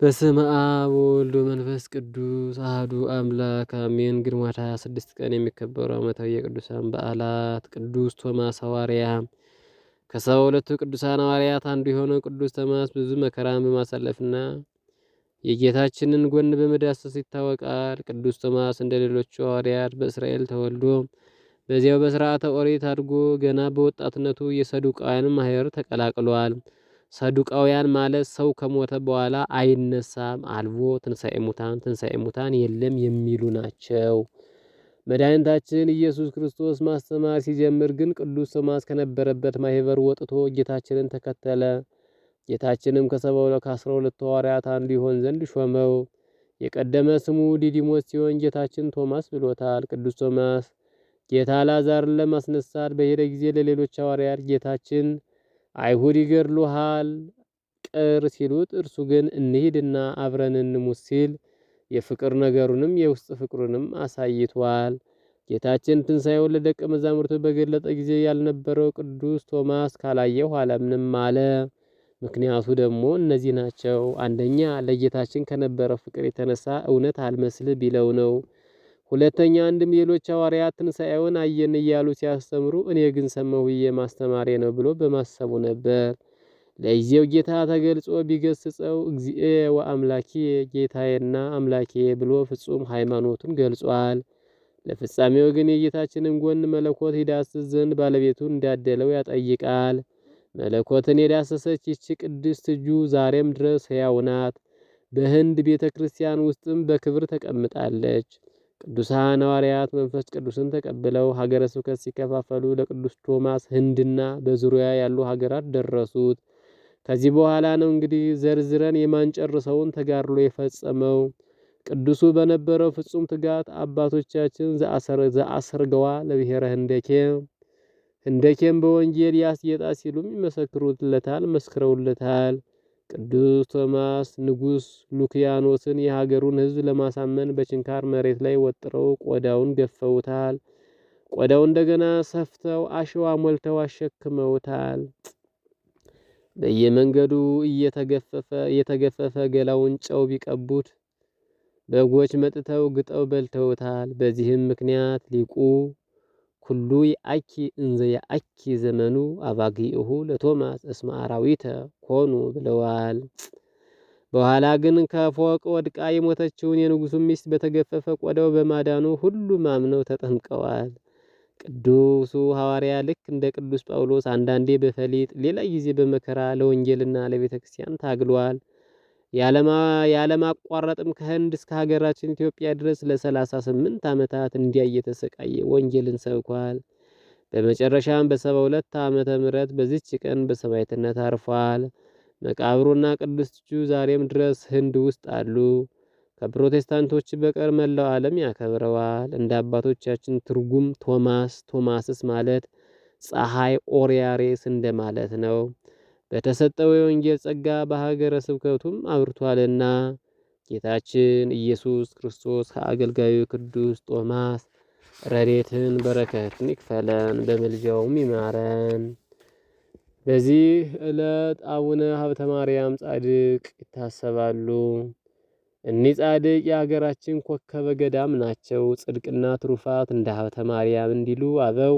በስመ አብ ወወልድ ወመንፈስ ቅዱስ አህዱ አምላክ አሜን። ግንቦት 26 ቀን የሚከበሩ ዓመታዊ የቅዱሳን በዓላት ቅዱስ ቶማስ ሐዋርያ ከሰባ ሁለቱ ቅዱሳን ሐዋርያት አንዱ የሆነው ቅዱስ ቶማስ ብዙ መከራን በማሳለፍና የጌታችንን ጎን በመዳሰስ ይታወቃል። ቅዱስ ቶማስ እንደ ሌሎቹ ሐዋርያት በእስራኤል ተወልዶ በዚያው በሥርዓተ ኦሪት አድጎ ገና በወጣትነቱ የሰዱቃውያን ማህበር ተቀላቅሏል። ሰዱቃውያን ማለት ሰው ከሞተ በኋላ አይነሳም፣ አልቦ ትንሣኤ ሙታን ትንሣኤ ሙታን የለም የሚሉ ናቸው። መድኃኒታችን ኢየሱስ ክርስቶስ ማስተማር ሲጀምር ግን ቅዱስ ቶማስ ከነበረበት ማህበር ወጥቶ ጌታችንን ተከተለ። ጌታችንም ከሰባ ከአስራ ሁለቱ ሐዋርያት አንዱ ይሆን ዘንድ ሾመው። የቀደመ ስሙ ዲዲሞስ ሲሆን ጌታችን ቶማስ ብሎታል። ቅዱስ ቶማስ ጌታ ላዛርን ለማስነሳት በሄደ ጊዜ ለሌሎች ሐዋርያት ጌታችን አይሁድ ይገድሉሃል ቅር ሲሉት፣ እርሱ ግን እንሂድና አብረን እንሙት ሲል የፍቅር ነገሩንም የውስጥ ፍቅሩንም አሳይቷል። ጌታችን ትንሣኤውን ለደቀ መዛሙርቱ በገለጠ ጊዜ ያልነበረው ቅዱስ ቶማስ ካላየሁ አላምንም አለ። ምክንያቱ ደግሞ እነዚህ ናቸው። አንደኛ ለጌታችን ከነበረው ፍቅር የተነሳ እውነት አልመስል ቢለው ነው። ሁለተኛ አንድም ሌሎች ሐዋርያት ትንሣኤውን አየን እያሉ ሲያስተምሩ እኔ ግን ሰማሁ ብዬ ማስተማሬ ነው ብሎ በማሰቡ ነበር። ለጊዜው ጌታ ተገልጾ ቢገስጸው እግዚኤ ወአምላኪ ጌታዬና አምላኬ ብሎ ፍጹም ሃይማኖቱን ገልጿል። ለፍጻሜው ግን የጌታችንን ጎን መለኮት ይዳስስ ዘንድ ባለቤቱን እንዳደለው ያጠይቃል። መለኮትን የዳሰሰች ይቺ ቅድስት እጁ ዛሬም ድረስ ሕያው ናት። በህንድ ቤተ ክርስቲያን ውስጥም በክብር ተቀምጣለች። ቅዱሳን ሐዋርያት መንፈስ ቅዱስን ተቀብለው ሀገረ ስብከት ሲከፋፈሉ ለቅዱስ ቶማስ ህንድና በዙሪያ ያሉ ሀገራት ደረሱት። ከዚህ በኋላ ነው እንግዲህ ዘርዝረን የማንጨርሰውን ተጋድሎ የፈጸመው። ቅዱሱ በነበረው ፍጹም ትጋት አባቶቻችን ዘአስርገዋ ለብሔረ ህንደኬ ህንደኬም በወንጌል ያስጌጣ ሲሉም ይመሰክሩለታል መስክረውለታል። ቅዱስ ቶማስ ንጉሥ ሉክያኖስን የሀገሩን ሕዝብ ለማሳመን በችንካር መሬት ላይ ወጥረው ቆዳውን ገፈውታል። ቆዳው እንደገና ሰፍተው አሸዋ ሞልተው አሸክመውታል። በየመንገዱ እየተገፈፈ እየተገፈፈ ገላውን ጨው ቢቀቡት በጎች መጥተው ግጠው በልተውታል። በዚህም ምክንያት ሊቁ ኩሉ የአኪ እንዘ የአኪ ዘመኑ አባጊእሁ ለቶማስ እስመ አራዊተ ኮኑ ብለዋል። በኋላ ግን ከፎቅ ወድቃ የሞተችውን የንጉሱ ሚስት በተገፈፈ ቆዳው በማዳኑ ሁሉም አምነው ተጠምቀዋል። ቅዱሱ ሐዋርያ ልክ እንደ ቅዱስ ጳውሎስ አንዳንዴ በፈሊጥ ሌላ ጊዜ በመከራ ለወንጌልና ለቤተ ክርስቲያን ታግሏል። ያለማቋረጥም ከህንድ እስከ ሀገራችን ኢትዮጵያ ድረስ ለሰላሳ 38 ዓመታት እንዲያ እየተሰቃየ ወንጌልን ሰብኳል። በመጨረሻም በሰባ 72 ዓመተ ምህረት በዚች ቀን በሰማዕትነት አርፏል። መቃብሩና ቅዱስ ዛሬም ድረስ ህንድ ውስጥ አሉ። ከፕሮቴስታንቶች በቀር መላው ዓለም ያከብረዋል። እንደ አባቶቻችን ትርጉም ቶማስ ቶማስስ ማለት ፀሐይ ኦሪያሬስ እንደማለት ነው። በተሰጠው የወንጌል ጸጋ በሀገረ ስብከቱም አብርቷልና። ጌታችን ኢየሱስ ክርስቶስ ከአገልጋዩ ቅዱስ ጦማስ ረዴትን በረከትን ይክፈለን፣ በምልጃውም ይማረን። በዚህ ዕለት አቡነ ሀብተ ማርያም ጻድቅ ይታሰባሉ። እኒህ ጻድቅ የሀገራችን ኮከበ ገዳም ናቸው። ጽድቅና ትሩፋት እንደ ሀብተ ማርያም እንዲሉ አበው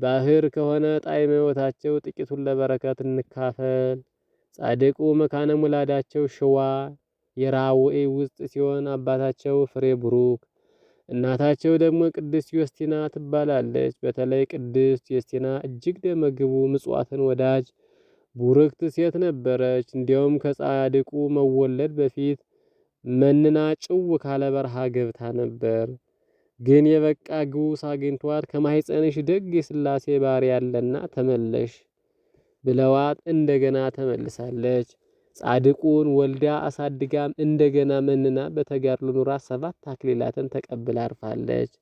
ባህር ከሆነ ጣዕመ ሕይወታቸው ጥቂቱን ለበረከት እንካፈል። ጻድቁ መካነ ሙላዳቸው ሽዋ የራውኢ ውስጥ ሲሆን አባታቸው ፍሬ ብሩክ እናታቸው ደግሞ ቅድስት ዮስቲና ትባላለች። በተለይ ቅድስት ዮስቲና እጅግ ደመግቡ ምጽዋትን ወዳጅ ቡርክት ሴት ነበረች። እንዲያውም ከጻድቁ መወለድ በፊት መንና ጭው ካለ በረሃ ገብታ ነበር። ግን የበቃ ግዑዝ አግኝቷት ከማኅፀንሽ ደግ የስላሴ ባር ያለና ተመለሽ ብለዋት እንደገና ተመልሳለች። ጻድቁን ወልዳ አሳድጋም እንደገና መንና በተጋድሎ ኑራ ሰባት አክሊላትን ተቀብላ አርፋለች።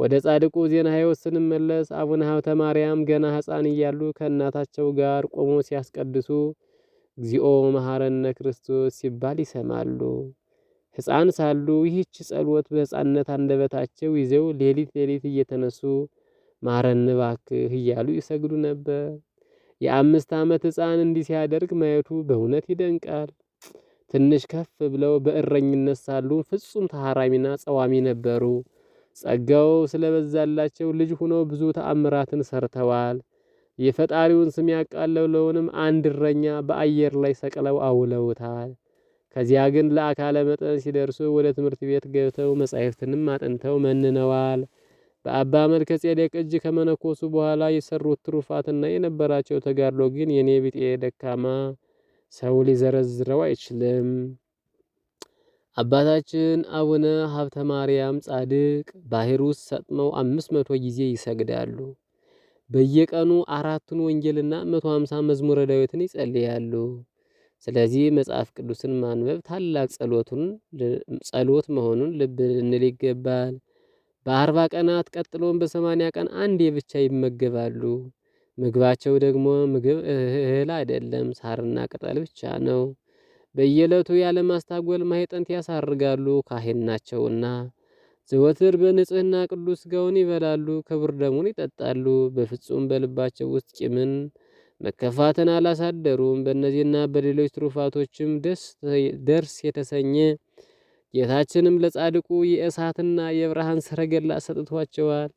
ወደ ጻድቁ ዜና ሕይወት ስንመለስ አቡነ ሀብተ ማርያም ገና ሕፃን እያሉ ከእናታቸው ጋር ቆሞ ሲያስቀድሱ እግዚኦ መሐረነ ክርስቶስ ሲባል ይሰማሉ። ሕፃን ሳሉ ይህች ጸሎት በሕፃንነት አንደበታቸው ይዘው ሌሊት ሌሊት እየተነሱ ማረን እባክህ እያሉ ይሰግዱ ነበር። የአምስት ዓመት ሕፃን እንዲህ ሲያደርግ ማየቱ በእውነት ይደንቃል። ትንሽ ከፍ ብለው በእረኝነት ሳሉ ፍጹም ተሐራሚና ጸዋሚ ነበሩ። ጸጋው ስለበዛላቸው ልጅ ሆነው ብዙ ተአምራትን ሰርተዋል። የፈጣሪውን ስም ያቃለለውንም አንድ እረኛ በአየር ላይ ሰቅለው አውለውታል። ከዚያ ግን ለአካለ መጠን ሲደርሱ ወደ ትምህርት ቤት ገብተው መጻሕፍትንም አጥንተው መንነዋል። በአባ መልከ ጼዴቅ እጅ ከመነኮሱ በኋላ የሰሩት ትሩፋትና የነበራቸው ተጋድሎ ግን የኔ ቢጤ ደካማ ሰው ሊዘረዝረው አይችልም። አባታችን አቡነ ሀብተ ማርያም ጻድቅ ባህር ውስጥ ሰጥመው አምስት መቶ ጊዜ ይሰግዳሉ። በየቀኑ አራቱን ወንጌልና መቶ ሀምሳ መዝሙረ ዳዊትን ይጸልያሉ። ስለዚህ መጽሐፍ ቅዱስን ማንበብ ታላቅ ጸሎቱን ጸሎት መሆኑን ልብ ልንል ይገባል። በአርባ ቀናት ቀጥሎም በሰማንያ ቀን አንዴ ብቻ ይመገባሉ። ምግባቸው ደግሞ ምግብ እህል አይደለም፣ ሳርና ቅጠል ብቻ ነው። በየዕለቱ ያለማስታጎል ማሕጠንት ያሳርጋሉ ካህን ናቸውና። ዘወትር በንጽህና ቅዱስ ሥጋውን ይበላሉ፣ ክቡር ደሙን ይጠጣሉ። በፍጹም በልባቸው ውስጥ ቂምን መከፋትን አላሳደሩም። በእነዚህና በሌሎች ትሩፋቶችም ደርስ የተሰኘ ጌታችንም ለጻድቁ የእሳትና የብርሃን ሰረገላ ሰጥቷቸዋል።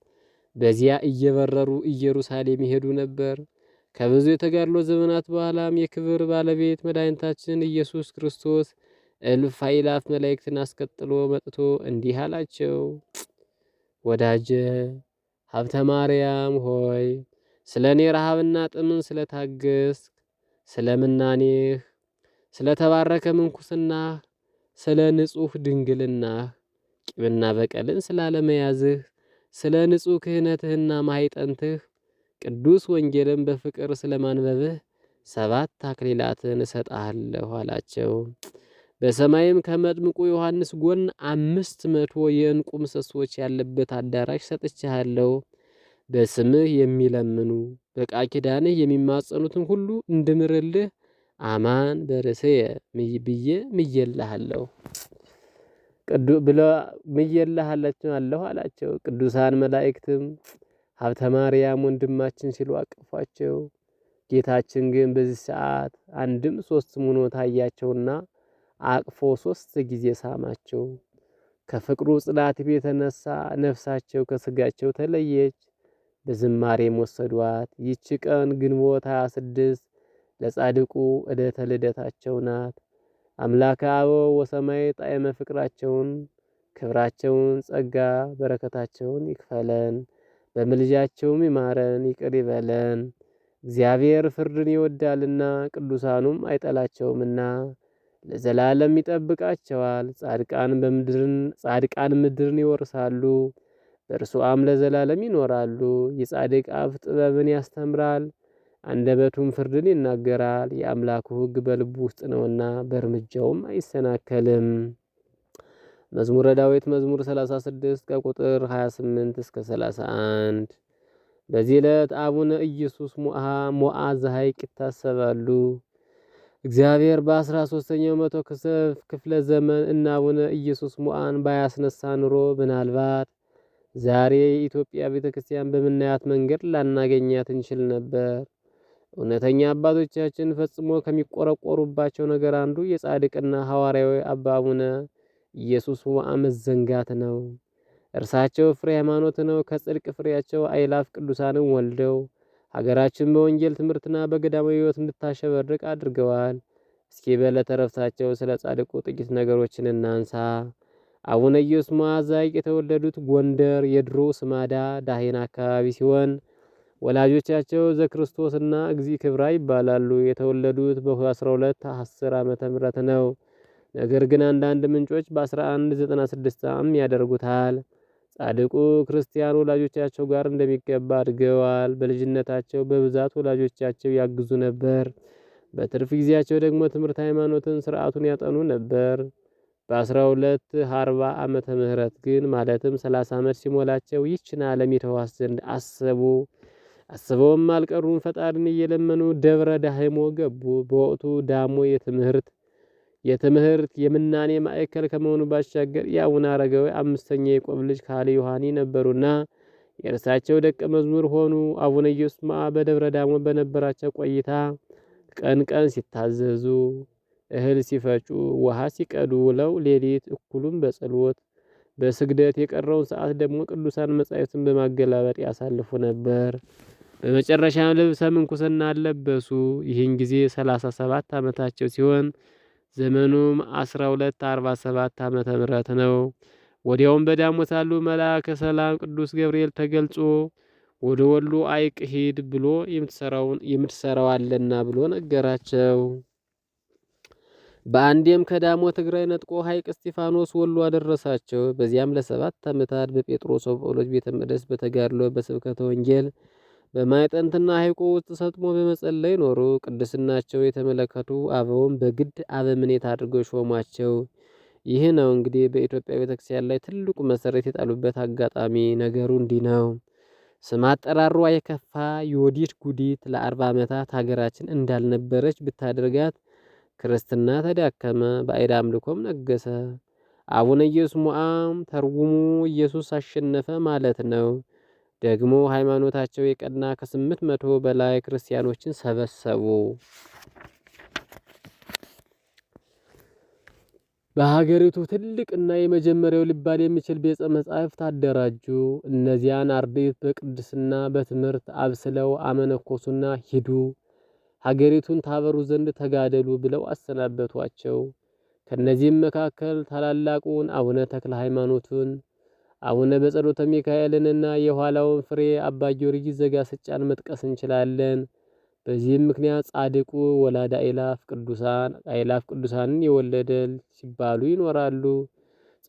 በዚያ እየበረሩ ኢየሩሳሌም ይሄዱ ነበር። ከብዙ የተጋድሎ ዘመናት በኋላም የክብር ባለቤት መድኃኒታችን ኢየሱስ ክርስቶስ እልፍ አእላፍ መላእክትን አስቀጥሎ መጥቶ እንዲህ አላቸው፣ ወዳጄ ሀብተ ማርያም ሆይ ስለ እኔ ረሃብና ጥምን ስለታገስክ፣ ስለ ምናኔህ፣ ስለ ተባረከ ምንኩስናህ፣ ስለ ንጹሕ ድንግልናህ፣ ቂምና በቀልን ስላለመያዝህ፣ ስለ ንጹሕ ክህነትህና ማይጠንትህ፣ ቅዱስ ወንጌልን በፍቅር ስለማንበብህ ሰባት አክሊላትን እሰጥሃለሁ አላቸው። በሰማይም ከመጥምቁ ዮሐንስ ጎን አምስት መቶ የእንቁ ምሰሶች ያለበት አዳራሽ ሰጥቻለሁ። በስምህ የሚለምኑ በቃ ኪዳንህ የሚማጸኑትን ሁሉ እንድምርልህ አማን በርዕስየ ብዬ ምዬልሃለሁ ብለ አለሁ አላቸው። ቅዱሳን መላእክትም ሀብተ ማርያም ወንድማችን ሲሉ አቀፏቸው። ጌታችን ግን በዚህ ሰዓት አንድም ሶስትም ሆኖ ታያቸውና አቅፎ ሶስት ጊዜ ሳማቸው። ከፍቅሩ ጽናት የተነሳ ነፍሳቸው ከስጋቸው ተለየች። በዝማሬም ወሰዷት። ይህች ቀን ግንቦት 26 ለጻድቁ ዕለተ ልደታቸው ናት። አምላከ አበው ወሰማይ ጣዕመ ፍቅራቸውን ክብራቸውን ጸጋ በረከታቸውን ይክፈለን፣ በምልጃቸውም ይማረን ይቅር ይበለን። እግዚአብሔር ፍርድን ይወዳልና ቅዱሳኑም አይጠላቸውምና ለዘላለም ይጠብቃቸዋል። ጻድቃን ምድርን ይወርሳሉ። በእርሷም ለዘላለም ይኖራሉ። የጻድቅ አፍ ጥበብን ያስተምራል፣ አንደበቱም ፍርድን ይናገራል። የአምላኩ ሕግ በልቡ ውስጥ ነውና በእርምጃውም አይሰናከልም። መዝሙረ ዳዊት መዝሙር 36 ከቁጥር 28 እስከ 31። በዚህ ዕለት አቡነ ኢየሱስ ሞዓ ሞዓ ዘሐይቅ ይታሰባሉ። እግዚአብሔር በአስራ ሶስተኛው መቶ ክፍለ ዘመን እና አቡነ ኢየሱስ ሞዓን ባያስነሳ ኑሮ ምናልባት ዛሬ የኢትዮጵያ ቤተ ክርስቲያን በምናያት መንገድ ላናገኛት እንችል ነበር። እውነተኛ አባቶቻችን ፈጽሞ ከሚቆረቆሩባቸው ነገር አንዱ የጻድቅና ሐዋርያዊ አባ አቡነ ኢየሱስ ወአ መዘንጋት ነው። እርሳቸው ፍሬ ሃይማኖት ነው። ከጽድቅ ፍሬያቸው አይላፍ ቅዱሳንን ወልደው ሀገራችን በወንጌል ትምህርትና በገዳማዊ ሕይወት እንድታሸበርቅ አድርገዋል። እስኪ በዕለተ ዕረፍታቸው ስለ ጻድቁ ጥቂት ነገሮችን እናንሳ። አቡነ ኢየሱስ መዋዛይቅ የተወለዱት ጎንደር የድሮ ስማዳ ዳሄን አካባቢ ሲሆን ወላጆቻቸው ዘክርስቶስና እግዚ ክብራ ይባላሉ። የተወለዱት በ12 10 ዓመተ ምህረት ነው። ነገር ግን አንዳንድ ምንጮች በ1196 ዓ.ም ያደርጉታል። ጻድቁ ክርስቲያን ወላጆቻቸው ጋር እንደሚገባ አድገዋል። በልጅነታቸው በብዛት ወላጆቻቸው ያግዙ ነበር። በትርፍ ጊዜያቸው ደግሞ ትምህርት ሃይማኖትን፣ ስርዓቱን ያጠኑ ነበር። በ1240 ዓመተ ምህረት ግን ማለትም 30 ዓመት ሲሞላቸው ይችን ዓለም ይተዋት ዘንድ አሰቡ። አስበውም አልቀሩም። ፈጣሪን እየለመኑ ደብረ ዳህሞ ገቡ። በወቅቱ ዳሞ የትምህርት የትምህርት የምናኔ ማዕከል ከመሆኑ ባሻገር የአቡነ አረጋዊ አምስተኛ የቆብ ልጅ ካሊ ዮሐኒ ነበሩና የእርሳቸው ደቀ መዝሙር ሆኑ። አቡነ ኢየሱስ በደብረ ዳሞ በነበራቸው ቆይታ ቀን ቀን ሲታዘዙ እህል ሲፈጩ፣ ውሃ ሲቀዱ ውለው ሌሊት እኩሉም በጸሎት በስግደት የቀረውን ሰዓት ደግሞ ቅዱሳን መጻሕፍትን በማገላበጥ ያሳልፉ ነበር። በመጨረሻም ልብሰ ምንኩስና አለበሱ። ይህን ጊዜ 37 ዓመታቸው ሲሆን ዘመኑም 1247 ዓመተ ምህረት ነው። ወዲያውም በዳሞ ሳሉ መልአከ ሰላም ቅዱስ ገብርኤል ተገልጾ ወደ ወሎ አይቅ ሂድ ብሎ የምትሰራውን የምትሰራው አለና ብሎ ነገራቸው። በአንዴም ከዳሞ ትግራይ ነጥቆ ሐይቅ እስጢፋኖስ ወሎ አደረሳቸው። በዚያም ለሰባት ዓመታት በጴጥሮስ ወጳውሎስ ቤተ መቅደስ በተጋድሎ በስብከተ ወንጌል በማይጠንትና ሐይቆ ውስጥ ሰጥሞ በመጸለይ ኖሩ። ቅድስናቸው የተመለከቱ አበውን በግድ አበምኔት አድርገው ሾሟቸው። ይህ ነው እንግዲህ በኢትዮጵያ ቤተክርስቲያን ላይ ትልቁ መሰረት የጣሉበት አጋጣሚ። ነገሩ እንዲህ ነው። ስም አጠራሯ የከፋ ዮዲት ጉዲት ለአርባ ዓመታት ሀገራችን እንዳልነበረች ብታደርጋት ክርስትና ተዳከመ፣ ባዕድ አምልኮም ነገሰ። አቡነ ኢየሱስ ሞዓም ተርጉሙ ኢየሱስ አሸነፈ ማለት ነው። ደግሞ ሃይማኖታቸው የቀና ከስምንት መቶ በላይ ክርስቲያኖችን ሰበሰቡ። በሀገሪቱ ትልቅና የመጀመሪያው ሊባል የሚችል ቤጸ መጻሕፍት አደራጁ። እነዚያን አርድእት በቅድስና በትምህርት አብስለው አመነኮሱና ሂዱ ሀገሪቱን ታበሩ ዘንድ ተጋደሉ ብለው አሰናበቷቸው። ከነዚህም መካከል ታላላቁን አቡነ ተክለ ሃይማኖቱን አቡነ በጸሎተ ሚካኤልንና የኋላውን ፍሬ አባ ጊዮርጊስ ዘጋስጫን መጥቀስ እንችላለን። በዚህም ምክንያት ጻድቁ ወላድ አይላፍ ቅዱሳን አይላፍ ቅዱሳንን የወለደል ሲባሉ ይኖራሉ።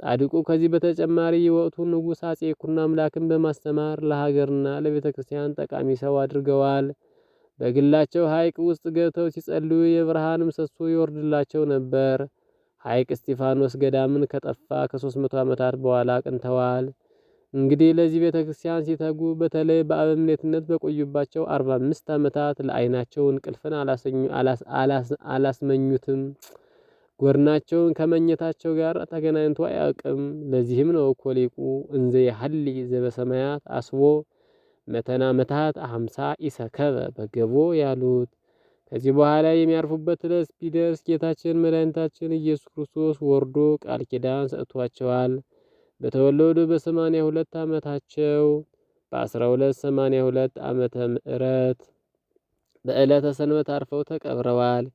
ጻድቁ ከዚህ በተጨማሪ የወቅቱ ንጉሥ አጼ ኩና አምላክን በማስተማር ለሀገርና ለቤተ ክርስቲያን ጠቃሚ ሰው አድርገዋል። በግላቸው ሐይቅ ውስጥ ገብተው ሲጸልዩ የብርሃን ምሰሶ ይወርድላቸው ነበር። ሐይቅ እስጢፋኖስ ገዳምን ከጠፋ ከ መቶ ዓመታት በኋላ ቅንተዋል። እንግዲህ ለዚህ ቤተ ክርስቲያን ሲተጉ በተለይ በአበምኔትነት በቆዩባቸው 45 ዓመታት ለዓይናቸው እንቅልፍን አላስመኙትም። ጎድናቸውን ከመኘታቸው ጋር ተገናኝቶ አያውቅም። ለዚህም ነው እኮ ሊቁ እንዘ ያህሊ ዘበሰማያት አስቦ መተና መታት አምሳ ኢሰከበ በገቦ ያሉት ከዚህ በኋላ የሚያርፉበት ዕለት ቢደርስ ጌታችን መድኃኒታችን ኢየሱስ ክርስቶስ ወርዶ ቃል ኪዳን ሰጥቷቸዋል። በተወለዱ በሰማንያ ሁለት ዓመታቸው በአስራ ሁለት ሰማንያ ሁለት ዓመተ ምሕረት በዕለተ ሰንበት አርፈው ተቀብረዋል።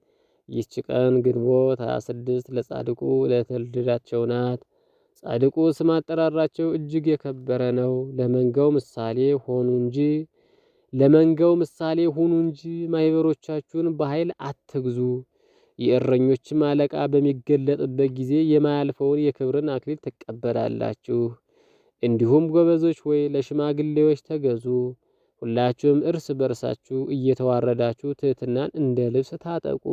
ይህች ቀን ግንቦት 26 ለጻድቁ ዕለተ ናት። ጻድቁ ስም አጠራራቸው እጅግ የከበረ ነው። ለመንጋው ምሳሌ ሆኑ እንጂ ለመንጋው ምሳሌ ሁኑ እንጂ ማይበሮቻችሁን በኃይል አትግዙ። የእረኞችም አለቃ በሚገለጥበት ጊዜ የማያልፈውን የክብርን አክሊል ትቀበላላችሁ። እንዲሁም ጎበዞች ወይ ለሽማግሌዎች ተገዙ። ሁላችሁም እርስ በርሳችሁ እየተዋረዳችሁ ትህትናን እንደ ልብስ ታጠቁ።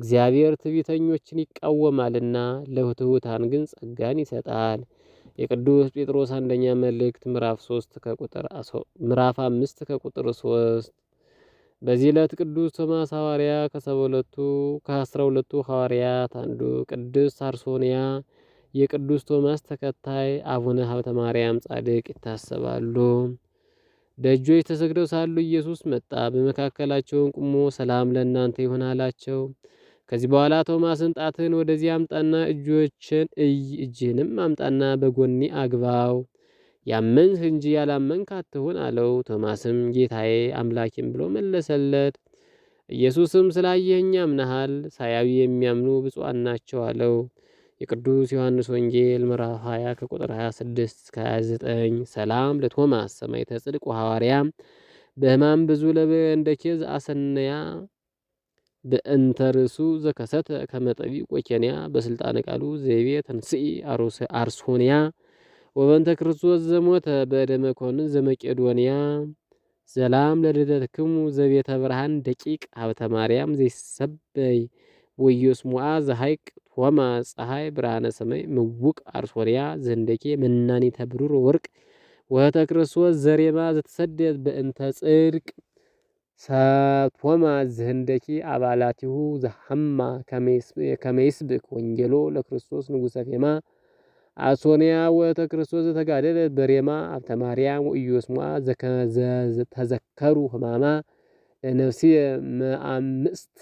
እግዚአብሔር ትዕቢተኞችን ይቃወማልና ለትሑታን ግን ጸጋን ይሰጣል። የቅዱስ ጴጥሮስ አንደኛ መልእክት ምዕራፍ 3 ከቁጥር ምዕራፍ 5 ከቁጥር 3። በዚህ ዕለት ቅዱስ ቶማስ ሐዋርያ ከ ከ12ቱ ሐዋርያት አንዱ፣ ቅድስት ሳርሶንያ የቅዱስ ቶማስ ተከታይ፣ አቡነ ሀብተ ማርያም ጻድቅ ይታሰባሉ። ደጆች ተሰግደው ሳሉ ኢየሱስ መጣ፣ በመካከላቸውን ቁሞ ሰላም ለእናንተ ይሆናላቸው። አላቸው። ከዚህ በኋላ ቶማስን ጣትን ወደዚህ አምጣና እጆችን እይ እጅህንም አምጣና በጎኒ አግባው ያመንህ እንጂ ያላመንክ አትሁን አለው። ቶማስም ጌታዬ አምላኬም ብሎ መለሰለት። ኢየሱስም ስላየኸኝ አምነሃል፣ ሳያዩ የሚያምኑ ብፁዓን ናቸው አለው። የቅዱስ ዮሐንስ ወንጌል ምዕራፍ 20 ከቁጥር 26 እስከ 29። ሰላም ለቶማስ ሰማይ ጽድቅ ሐዋርያ በሕማም ብዙ ለበ እንደ ኬዝ አሰነያ በእንተርሱ ዘከሰተ ከመጠቢ ቆኬንያ በስልጣነ ቃሉ ዘይቤ ተንስኢ አርሶንያ ወበንተ ክርስቶስ ዘሞተ በደመ ኮንን ዘመቄዶንያ ዘላም ለልደትክሙ ዘቤተ ብርሃን ደቂቅ ሀብተ ማርያም ዘይሰበይ ወዮስሙአ ዘሐይቅ ቶማ ፀሐይ ብርሃነ ሰማይ ምውቅ አርሶንያ ዘንደኬ መናኔ ተብሩር ወርቅ ወህተ ክርስቶስ ዘሬማ ዘተሰደት በእንተ ጽድቅ ሰቶማ ዝህንደኪ አባላቲሁ ዘሐማ ከመይስብክ ወንጌሎ ለክርስቶስ ንጉሰ ፌማ አሶንያ ወተ ክርስቶስ ዘተጋደለ በሬማ አብተ ማርያም ወኢዮስሙዓ ተዘከሩ ህማማ ለነፍሲ መአምስት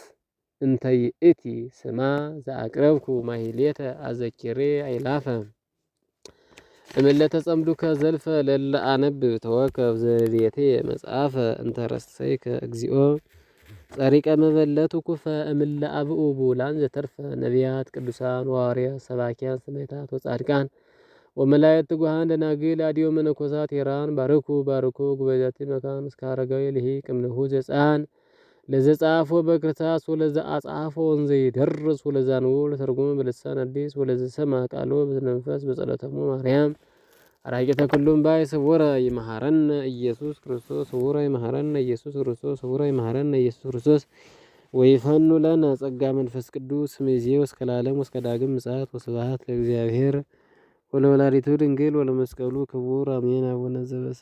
እንተይእቲ ስማ ዘአቅረብኩ ማሂሌተ አዘኪሬ አይላፈም أمل تصملك زلفة لل أنب بتوكف زريتي مسافة أنت رسيك أجزيو أريك أما فلا تكفى أمل أبو بولان زترفة نبيات كدسان واريا سباكيان سميتات وصاركان وملايات تقوهان لنا قيل أديو من أكوزات إيران باركو باركو قبيزاتي مكان سكارغي لهي كم نهوز آن ለዘጻፎ በክርታስ ወለዘ አጻፎ ወንዘ ይደርስ ወለዛ ንቡ ለተርጉሙ በልሳን አዲስ ወለዘ ሰማ ቃሎ በመንፈስ በጸሎተሙ ማርያም አራቂ ተክሉም ባይ ስውረ ይመሃረነ ኢየሱስ ክርስቶስ ስውረ ይመሃረነ ኢየሱስ ክርስቶስ ስውረ ይመሃረነ ኢየሱስ ክርስቶስ ወይፈኑ ለነ ጸጋ መንፈስ ቅዱስ ሚዜ እስከ ለዓለም እስከ ዳግም ምጽአት ወስብሐት ለእግዚአብሔር ወለወላዲቱ ድንግል ወለመስቀሉ ክቡር አሜን። አቡነ ዘበሰ